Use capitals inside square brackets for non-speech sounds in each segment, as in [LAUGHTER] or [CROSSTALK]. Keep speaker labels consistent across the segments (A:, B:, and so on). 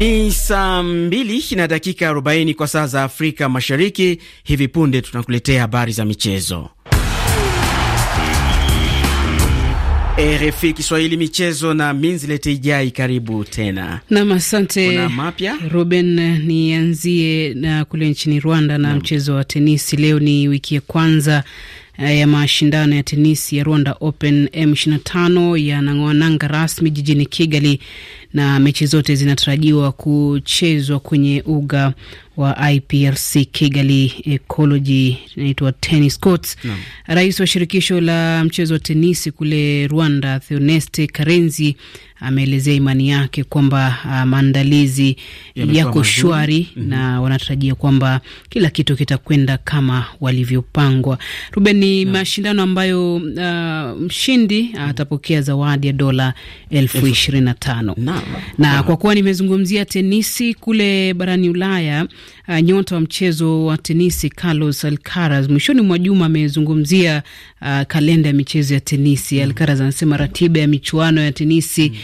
A: Ni saa mbili na dakika 40 kwa saa za Afrika Mashariki. Hivi punde tunakuletea habari za michezo. RFI Kiswahili michezo na Minzilete Ijai, karibu tena
B: nam. Asante. mapya Ruben, nianzie na kule nchini Rwanda na, na mchezo wa tenisi. Leo ni wiki ya kwanza eh, ya mashindano ya tenisi ya Rwanda Open. M25 yanang'oananga rasmi jijini Kigali na mechi zote zinatarajiwa kuchezwa kwenye uga wa IPRC Kigali Ecology inaitwa Tennis Courts no. Rais wa shirikisho la mchezo wa tenisi kule Rwanda Theoneste Karenzi ameelezea imani yake kwamba ah, maandalizi yako shwari mm -hmm. na wanatarajia kwamba kila kitu kitakwenda kama walivyopangwa. Ruben, ni mashindano ambayo uh, mshindi mm -hmm. atapokea zawadi ya dola elfu ishirini na tano na kwa kuwa nimezungumzia tenisi kule barani Ulaya uh, nyota wa mchezo wa tenisi Carlos Alcaraz mwishoni mwa juma amezungumzia uh, kalenda ya michezo ya tenisi. Mm. Alcaraz anasema ratiba ya michuano ya tenisi mm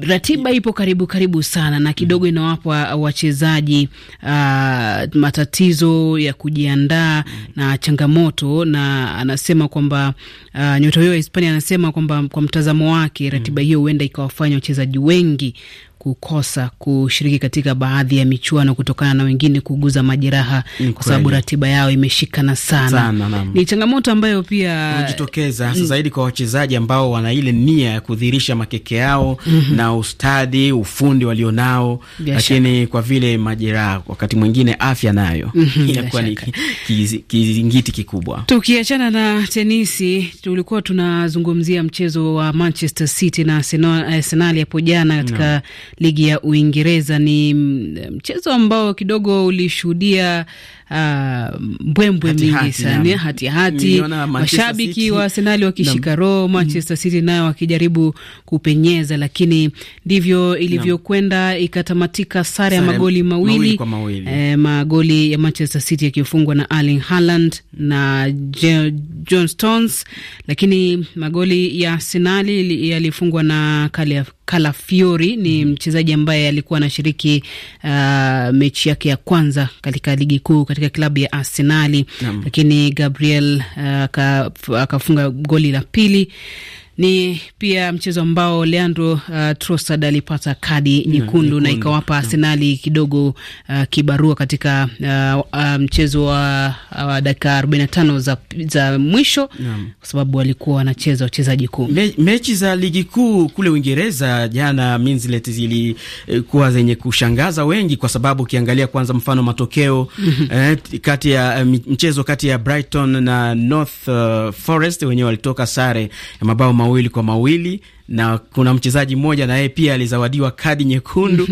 B: ratiba ipo karibu karibu sana na kidogo mm. inawapa wachezaji uh, matatizo ya kujiandaa mm. na changamoto, na anasema kwamba uh, nyota huyo wa Hispania anasema kwamba kwa mtazamo wake ratiba hiyo huenda ikawafanya wachezaji wengi kukosa kushiriki katika baadhi ya michuano kutokana na wengine kuguza majeraha kwa sababu ratiba yao imeshikana sana, sana. Ni
A: changamoto ambayo pia inajitokeza hasa mm. zaidi kwa wachezaji ambao wana ile nia ya kudhihirisha makeke yao mm -hmm. na ustadi, ufundi walionao, lakini kwa vile majeraha, wakati mwingine afya nayo mm -hmm. inakuwa ni kizingiti kikubwa.
B: Tukiachana na tenisi, tulikuwa tunazungumzia mchezo wa Manchester City na Arsenal hapo jana katika no ligi ya Uingereza. Ni mm, mchezo ambao kidogo ulishuhudia uh, mbwembwe mingi sana hati hati, mashabiki wa Arsenal wakishika roho, Manchester mm. City nayo wakijaribu kupenyeza, lakini ndivyo ilivyokwenda, ikatamatika sare ya magoli mawili, mawili, mawili. Eh, magoli ya Manchester City yakifungwa na Erling Haaland na Je John Stones, lakini magoli ya Arsenal yalifungwa na Kale Kalafiori ni mm-hmm. mchezaji ambaye alikuwa anashiriki uh, mechi yake ya kwanza katika ligi kuu katika klabu ya Arsenali, lakini Gabriel uh, akafunga uh, goli la pili ni pia mchezo ambao Leandro uh, Trossard alipata kadi mm-hmm. nyekundu na ikawapa Arsenali kidogo uh, kibarua katika uh, uh, mchezo wa uh, dakika 45 za, za mwisho kwa sababu walikuwa wanacheza wachezaji kuu.
A: Me, mechi za ligi kuu kule Uingereza jana minzileti zilikuwa eh, zenye kushangaza wengi kwa sababu ukiangalia kwanza mfano matokeo mm-hmm. eh, kati ya eh, mchezo kati ya Brighton na North uh, Forest wenyewe walitoka sare ya mabao mawili kwa mawili na kuna mchezaji mmoja na yeye pia alizawadiwa kadi nyekundu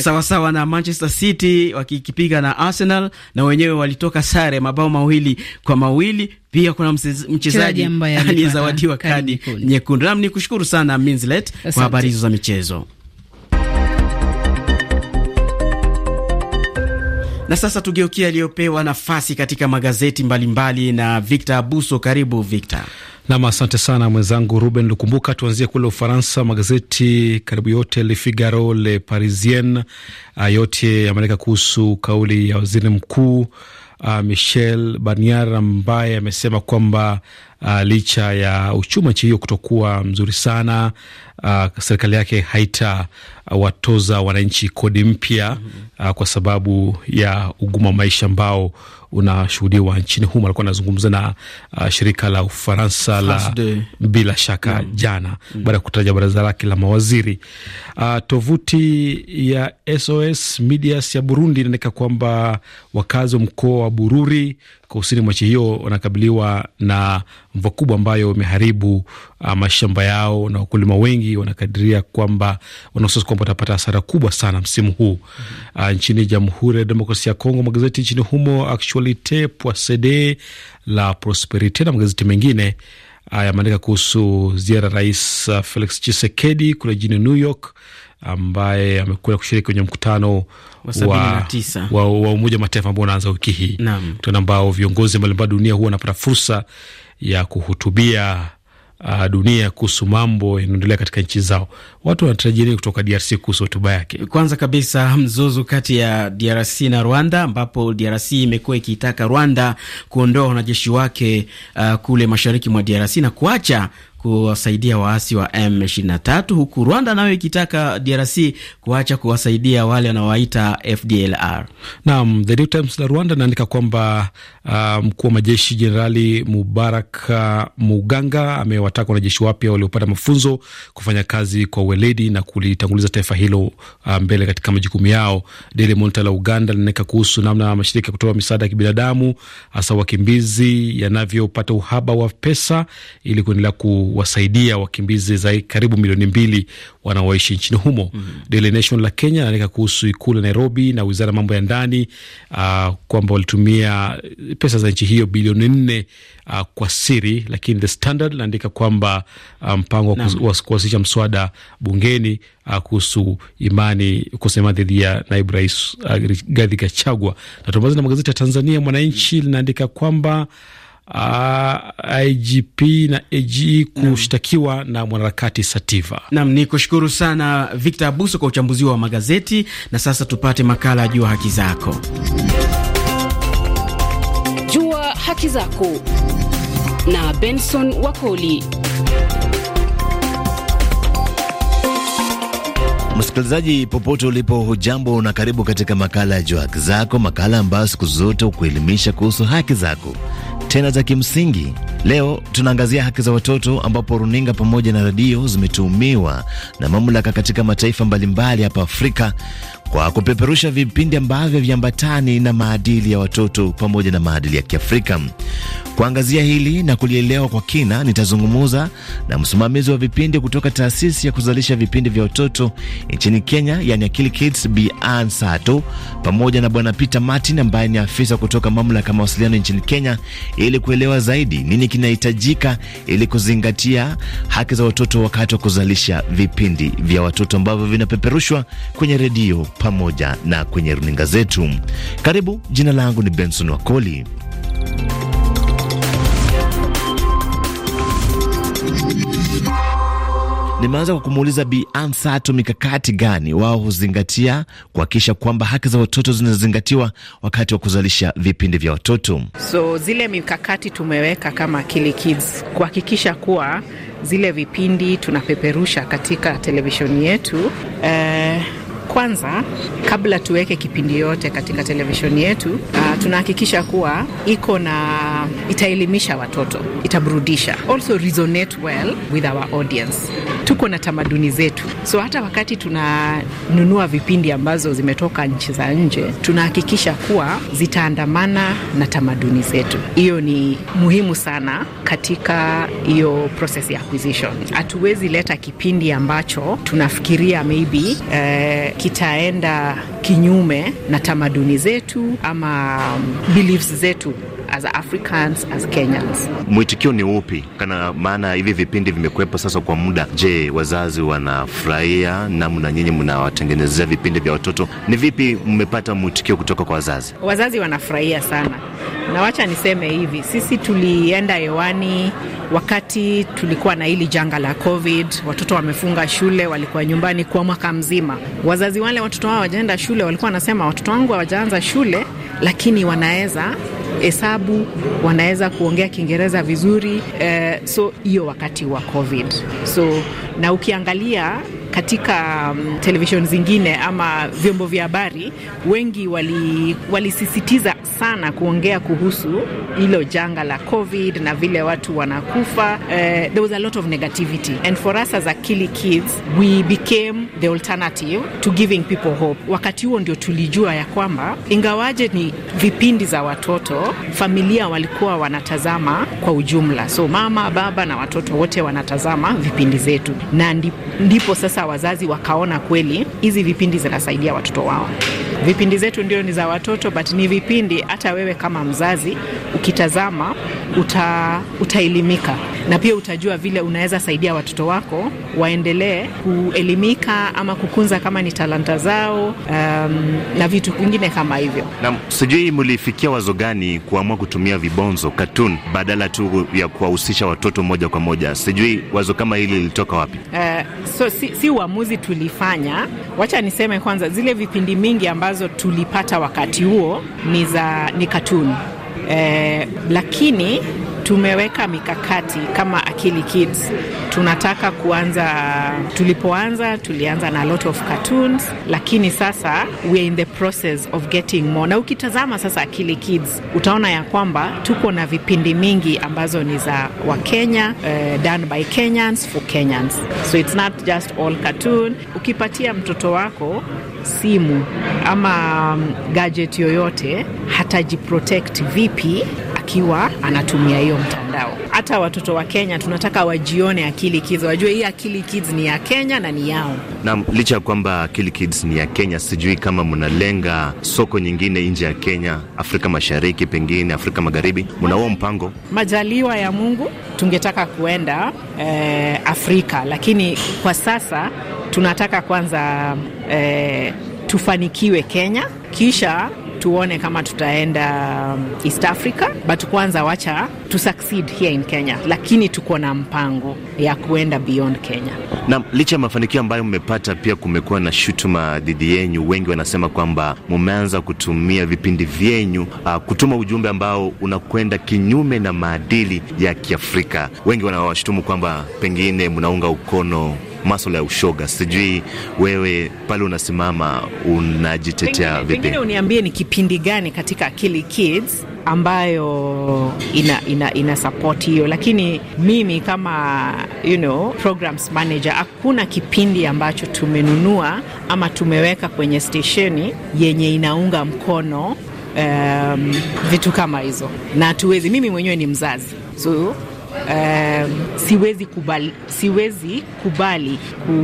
A: sawasawa [LAUGHS] na Manchester City wakikipiga na Arsenal, na wenyewe walitoka sare mabao mawili kwa mawili. Pia kuna mchezaji alizawadiwa kadi nyekundu. Nam ni kushukuru sana Minslet kwa habari hizo za michezo. Na sasa tugeukia aliyopewa nafasi katika magazeti mbalimbali mbali na Victor Abuso. Karibu Victor.
C: Nam, asante sana mwenzangu Ruben Lukumbuka. Tuanzie kule Ufaransa. Magazeti karibu yote, Le Figaro, Le Parisien, ah, yote yameandika kuhusu kauli ya waziri mkuu Uh, Michel Barnier ambaye amesema kwamba uh, licha ya uchumi nchi hiyo kutokuwa mzuri sana uh, serikali yake haita uh, watoza wananchi kodi mpya uh, kwa sababu ya ugumu wa maisha ambao unashuhudiwa nchini humo. Alikuwa anazungumza na uh, shirika la Ufaransa la bila shaka mm. jana mm. baada ya kutaja baraza lake la mawaziri uh, tovuti ya SOS Medias ya Burundi inaoneka kwamba wakazi wa mkoa wa Bururi kusini mwa nchi hiyo wanakabiliwa na mvua kubwa ambayo imeharibu uh, mashamba yao na wakulima wengi wanakadiria kwamba wanaosasi kwamba watapata hasara kubwa sana msimu huu. mm -hmm. Uh, nchini Jamhuri ya Demokrasia ya Kongo magazeti nchini humo actual Kolite Poisede la Prosperite na magazeti mengine yameandika kuhusu ziara ya Rais Felix Chisekedi kule jijini New York ambaye amekuja kushiriki kwenye mkutano wa, wa, wa Umoja wa Mataifa ambao unaanza wiki hii, mkutano ambao viongozi mbalimbali dunia huwa wanapata fursa ya kuhutubia uh, dunia kuhusu mambo yanaendelea katika nchi zao. Watu wanatarajia nini kutoka DRC kuhusu hotuba yake?
A: Kwanza kabisa mzozo kati ya DRC na Rwanda, ambapo DRC imekuwa ikiitaka Rwanda kuondoa wanajeshi wake uh, kule mashariki mwa DRC na kuacha kuwasaidia waasi wa M23, huku Rwanda nayo ikitaka DRC
C: kuacha kuwasaidia wale wanaowaita FDLR. Naam, The New Times la Rwanda inaandika kwamba uh, mkuu wa majeshi Jenerali Mubarak ah, Muganga amewataka wanajeshi wapya waliopata mafunzo kufanya kazi kwa uweledi na kulitanguliza taifa hilo uh, mbele katika majukumu yao. Daily Monitor la Uganda linaandika kuhusu namna mashirika ya kutoa misaada ya kibinadamu hasa wakimbizi yanavyopata uhaba wa pesa ili kuendelea ku kuwasaidia wakimbizi za karibu milioni mbili wanaoishi nchini humo. mm -hmm. Daily Nation la Kenya naandika kuhusu ikulu ya Nairobi na wizara ya mambo ya ndani uh, kwamba walitumia eh, pesa za nchi hiyo bilioni nne uh, kwa siri, lakini The Standard naandika kwamba ah, mpango um, wa kuwasilisha mswada bungeni uh, kuhusu imani kukosa imani dhidi ya naibu rais uh, Rigathi Gachagua. Na na magazeti ya Tanzania. Mwananchi linaandika kwamba uh, ah, IGP na AG e kushtakiwa na, mwanarakati mwanaharakati Sativa.
A: Nam ni kushukuru sana Victor Abuso kwa uchambuzi wa magazeti, na sasa tupate makala ya Jua Haki Zako.
B: Jua Haki Zako na Benson Wakoli.
D: Msikilizaji popote ulipo, hujambo na karibu katika makala ya Jua Haki Zako, makala ambayo siku zote hukuelimisha kuhusu haki zako tena za kimsingi. Leo tunaangazia haki za watoto, ambapo runinga pamoja na redio zimetuhumiwa na mamlaka katika mataifa mbalimbali hapa Afrika kwa kupeperusha vipindi ambavyo viambatani na maadili ya watoto pamoja na maadili ya Kiafrika. Kuangazia hili na kulielewa kwa kina, nitazungumza na msimamizi wa vipindi kutoka taasisi ya kuzalisha vipindi vya watoto nchini Kenya, yani Akili Kids, Bi Ann Sato pamoja na Bwana Peter Martin ambaye ni afisa kutoka mamlaka ya mawasiliano nchini Kenya, ili kuelewa zaidi nini kinahitajika ili kuzingatia haki za watoto wakati wa kuzalisha vipindi vya watoto ambavyo vinapeperushwa kwenye redio pamoja na kwenye runinga zetu. Karibu, jina langu ni Benson Wakoli. Nimeanza kwa kumuuliza Bi Ansato mikakati gani wao huzingatia kuhakikisha kwamba haki za watoto zinazingatiwa wakati wa kuzalisha vipindi vya watoto.
E: So zile mikakati tumeweka kama Akili Kids kuhakikisha kuwa zile vipindi tunapeperusha katika televisheni yetu eh, kwanza, kabla tuweke kipindi yote katika televisheni yetu, uh, tunahakikisha kuwa iko na itaelimisha watoto, itaburudisha, also resonate well with our audience. Tuko na tamaduni zetu, so hata wakati tunanunua vipindi ambazo zimetoka nchi za nje, tunahakikisha kuwa zitaandamana na tamaduni zetu. Hiyo ni muhimu sana katika hiyo process ya acquisition. Hatuwezi leta kipindi ambacho tunafikiria maybe eh, kitaenda kinyume na tamaduni zetu ama um, beliefs zetu as Africans, as Kenyans.
D: Mwitikio ni upi? Kana maana hivi vipindi vimekuwepo sasa kwa muda. Je, wazazi wanafurahia namna nyinyi mnawatengenezea vipindi vya watoto? Ni vipi mmepata mwitikio kutoka kwa wazazi?
E: Wazazi wanafurahia sana, na wacha niseme hivi, sisi tulienda hewani wakati tulikuwa na hili janga la COVID. Watoto wamefunga shule, walikuwa nyumbani kwa mwaka mzima. Wazazi wale watoto wao wajaenda shule, walikuwa wanasema watoto wangu hawajaanza shule, lakini wanaweza hesabu, wanaweza kuongea Kiingereza vizuri eh, so hiyo wakati wa COVID so na ukiangalia katika um, television zingine ama vyombo vya habari, wengi walisisitiza wali sana kuongea kuhusu hilo janga la COVID na vile watu wanakufa. Uh, there was a lot of negativity and for us as Akili Kids we became the alternative to giving people hope. Wakati huo ndio tulijua ya kwamba ingawaje ni vipindi za watoto, familia walikuwa wanatazama kwa ujumla. So mama, baba na watoto wote wanatazama vipindi zetu, na ndipo sasa wazazi wakaona kweli hizi vipindi zinasaidia watoto wao. Vipindi zetu ndio ni za watoto, but ni vipindi hata wewe kama mzazi ukitazama uta, utaelimika na pia utajua vile unaweza saidia watoto wako waendelee kuelimika ama kukunza kama ni talanta zao, um, na vitu vingine kama hivyo.
D: Na sijui mlifikia wazo gani kuamua kutumia vibonzo katun badala tu ya kuwahusisha watoto moja kwa moja, sijui wazo kama hili lilitoka wapi?
E: Uh, so si, si uamuzi tulifanya. Wacha niseme kwanza, zile vipindi mingi ambazo tulipata wakati huo ni za ni Eh, lakini Tumeweka mikakati kama Akili Kids, tunataka kuanza. Tulipoanza tulianza na lot of cartoons, lakini sasa we are in the process of getting more. Na ukitazama sasa Akili Kids utaona ya kwamba tuko na vipindi mingi ambazo ni za Wakenya, uh, eh, done by Kenyans for Kenyans, so it's not just all cartoon. Ukipatia mtoto wako simu ama mm, gadget yoyote, hatajiprotect vipi akiwa anatumia hiyo mtandao. Hata watoto wa Kenya tunataka wajione Akili Kids, wajue hii Akili Kids ni ya Kenya na ni yao.
D: Naam, licha ya kwamba Akili Kids ni ya Kenya, sijui kama mnalenga soko nyingine nje ya Kenya, Afrika Mashariki, pengine Afrika Magharibi, mnauo mpango?
E: Majaliwa ya Mungu tungetaka kuenda eh, Afrika, lakini kwa sasa tunataka kwanza eh, tufanikiwe Kenya kisha tuone kama tutaenda um, East Africa, but kwanza wacha tu succeed here in Kenya, lakini tuko na mpango ya kuenda beyond Kenya.
D: Na licha ya mafanikio ambayo mmepata, pia kumekuwa na shutuma dhidi yenyu. Wengi wanasema kwamba mumeanza kutumia vipindi vyenyu uh, kutuma ujumbe ambao unakwenda kinyume na maadili ya Kiafrika. Wengi wanawashutumu kwamba pengine mnaunga ukono maswala ya ushoga. Sijui wewe pale unasimama unajitetea vipi? Pengine
E: uniambie ni kipindi gani katika Akili Kids ambayo ina, ina, ina support hiyo, lakini mimi kama you know, programs manager, hakuna kipindi ambacho tumenunua ama tumeweka kwenye stesheni yenye inaunga mkono um, vitu kama hizo, na hatuwezi. Mimi mwenyewe ni mzazi so um, siwezi kubali, siwezi kubali ku,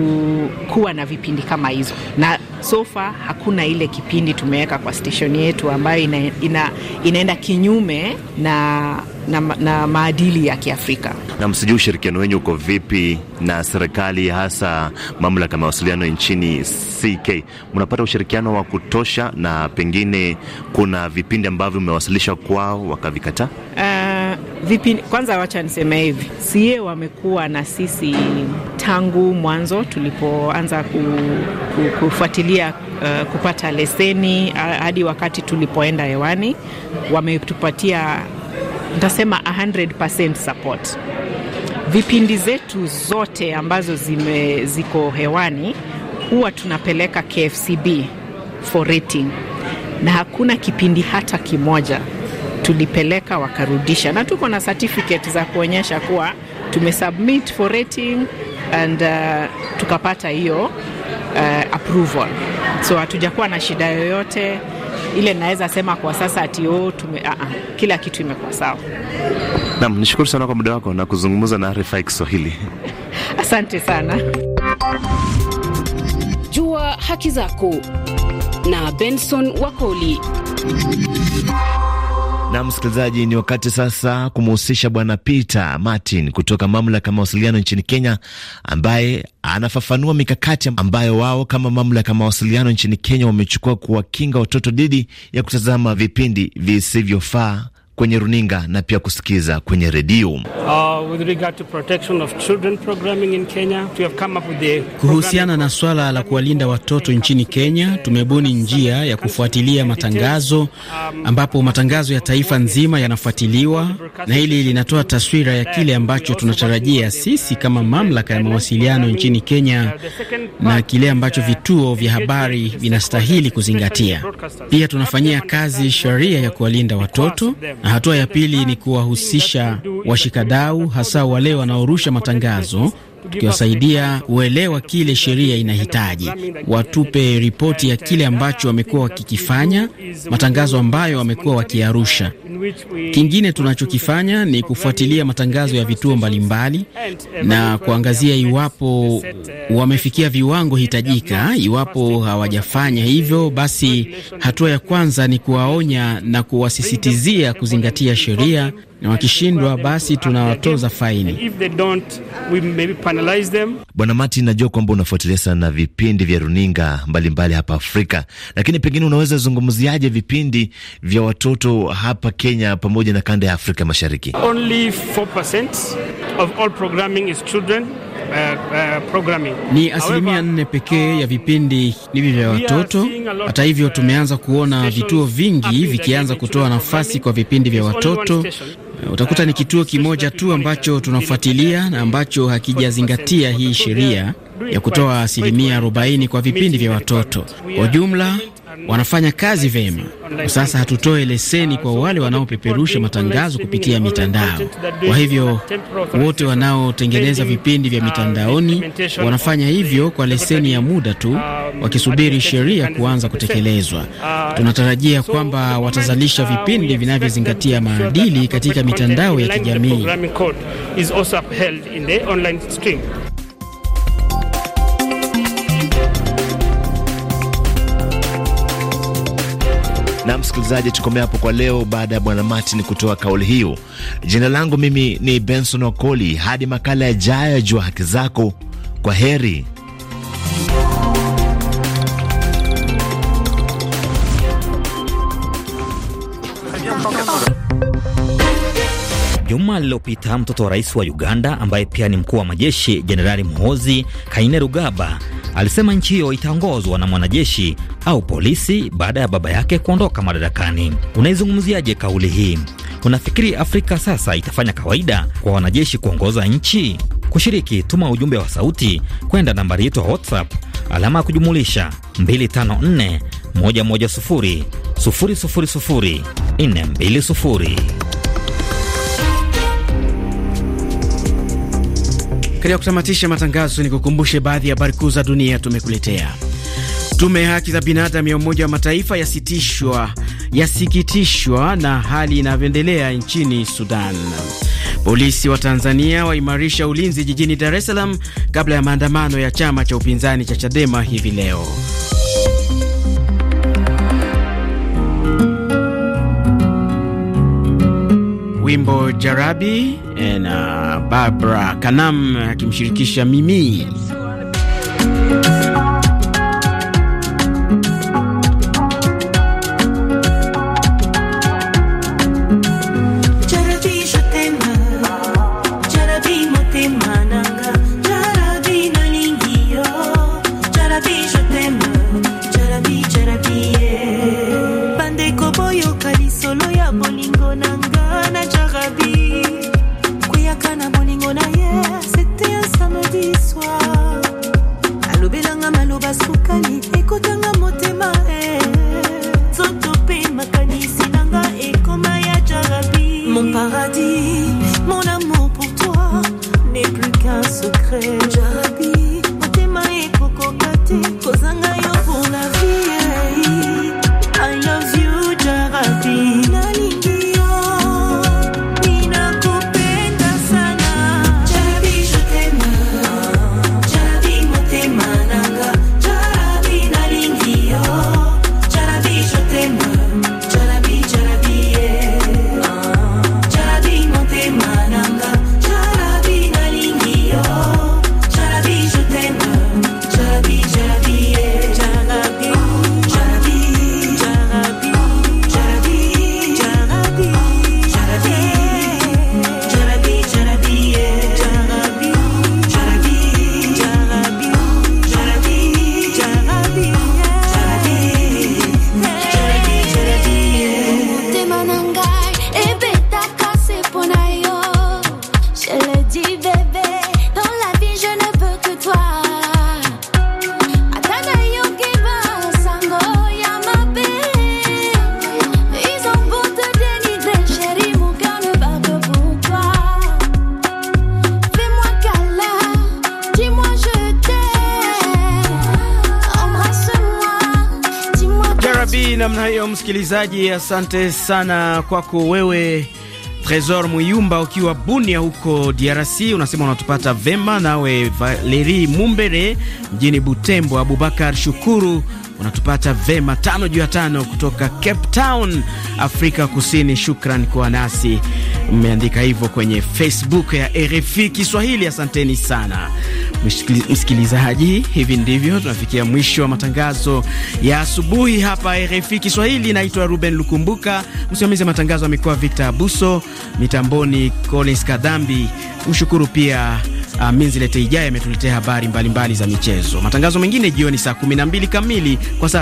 E: kuwa na vipindi kama hizo, na sofa hakuna ile kipindi tumeweka kwa station yetu ambayo ina, ina, inaenda kinyume na na, na maadili ya Kiafrika.
D: Na msijui ushirikiano wenyu uko vipi na serikali, hasa mamlaka ya mawasiliano nchini CK? Mnapata ushirikiano wa kutosha, na pengine kuna vipindi ambavyo mmewasilisha kwao wakavikataa?
E: Uh, vipindi. Kwanza wacha niseme hivi, sie wamekuwa na sisi tangu mwanzo tulipoanza ku, ku, kufuatilia uh, kupata leseni hadi wakati tulipoenda hewani, wametupatia ntasema 100% support. Vipindi zetu zote ambazo zime, ziko hewani huwa tunapeleka KFCB for rating na hakuna kipindi hata kimoja tulipeleka wakarudisha, na tuko na certificate za kuonyesha kuwa tumesubmit for rating and uh, tukapata hiyo uh, approval, so hatujakuwa na shida yoyote ile naweza sema kwa sasa ati oh, tume uh, uh, kila kitu imekuwa sawa.
D: Naam, nishukuru sana kwa muda wako na kuzungumza na RFI Kiswahili.
E: [LAUGHS] Asante sana. Jua haki zako
B: na Benson Wakoli
D: na msikilizaji, ni wakati sasa kumhusisha Bwana Peter Martin kutoka mamlaka mawasiliano nchini Kenya, ambaye anafafanua mikakati ambayo wao kama mamlaka mawasiliano nchini Kenya wamechukua kuwakinga watoto dhidi ya kutazama vipindi visivyofaa kwenye runinga na pia kusikiza kwenye redio.
C: Uh,
D: kuhusiana na swala la kuwalinda watoto nchini
A: Kenya, tumebuni njia ya kufuatilia matangazo ambapo matangazo ya taifa nzima yanafuatiliwa, na hili linatoa taswira ya kile ambacho tunatarajia sisi kama mamlaka ya mawasiliano nchini Kenya na kile ambacho vituo vya habari vinastahili kuzingatia. Pia tunafanyia kazi sheria ya kuwalinda watoto na hatua ya pili ni kuwahusisha washikadau, hasa wale wanaorusha matangazo tukiwasaidia uelewa kile sheria inahitaji, watupe ripoti ya kile ambacho wamekuwa wakikifanya, matangazo ambayo wamekuwa wakiarusha. Kingine tunachokifanya ni kufuatilia matangazo ya vituo mbalimbali na kuangazia iwapo wamefikia viwango hitajika. Iwapo hawajafanya hivyo, basi hatua ya kwanza ni kuwaonya na kuwasisitizia
D: kuzingatia sheria na wakishindwa basi tunawatoza faini. Bwana Martin, najua kwamba unafuatilia sana vipindi vya runinga mbalimbali mbali hapa Afrika, lakini pengine unaweza zungumziaje vipindi vya watoto hapa Kenya pamoja na kanda ya Afrika Mashariki?
C: Only 4% of all programming is children. Uh, uh, ni asilimia
D: nne pekee ya uh, vipindi hivi vya
C: watoto. Hata
A: hivyo, uh, tumeanza kuona vituo vingi vikianza kutoa nafasi kwa vipindi vya watoto utakuta ni kituo kimoja tu ambacho tunafuatilia na ambacho hakijazingatia hii sheria ya kutoa asilimia 40 kwa vipindi vya watoto. Kwa jumla wanafanya kazi vyema. Kwa sasa hatutoe leseni kwa wale wanaopeperusha matangazo kupitia mitandao. Kwa hivyo wote wanaotengeneza vipindi vya mitandaoni wanafanya hivyo kwa leseni ya muda tu, wakisubiri sheria kuanza kutekelezwa. Tunatarajia kwamba watazalisha vipindi vinavyozingatia maadili katika mitandao ya kijamii.
D: Na msikilizaji, tukomea hapo kwa leo, baada ya bwana Martin kutoa kauli hiyo. Jina langu mimi ni Benson Okoli, hadi makala yajayo ya Jua Haki Zako. Kwa heri.
A: Juma lililopita mtoto wa rais wa Uganda ambaye pia ni mkuu wa majeshi Jenerali Muhoozi Kainerugaba alisema nchi hiyo itaongozwa na mwanajeshi au polisi baada ya baba yake kuondoka madarakani. Unaizungumziaje kauli hii? Unafikiri Afrika sasa itafanya kawaida kwa wanajeshi kuongoza nchi? Kushiriki, tuma ujumbe wa sauti kwenda nambari yetu ya WhatsApp alama ya kujumulisha 254 110 000 420. Katika kutamatisha matangazo, ni kukumbushe baadhi ya habari kuu za dunia tumekuletea. Tume ya haki za binadamu ya Umoja wa Mataifa yasitishwa yasikitishwa na hali inavyoendelea nchini Sudan. Polisi wa Tanzania waimarisha ulinzi jijini Dar es Salaam kabla ya maandamano ya chama cha upinzani cha Chadema hivi leo. wimbo Jarabi na uh, Barbara Kanam akimshirikisha Mimi. msikilizaji, asante sana kwako wewe Tresor Muyumba ukiwa Bunia huko DRC unasema unatupata vema. Nawe Valeri Mumbere mjini Butembo. Abubakar Shukuru unatupata vema, tano juu ya tano kutoka Cape Town, Afrika Kusini. Shukran kwa nasi mmeandika hivyo kwenye Facebook ya RFI Kiswahili, asanteni sana msikilizaji. Hivi ndivyo tunafikia mwisho wa matangazo ya asubuhi hapa RFI Kiswahili. Naitwa Ruben Lukumbuka, msimamizi wa matangazo amekuwa Victor Abuso mitamboni Collins Kadhambi. Mshukuru pia uh, Minzilete Ijaye ametuletea habari mbalimbali mbali za michezo. Matangazo mengine jioni saa 12 kamili kwa saa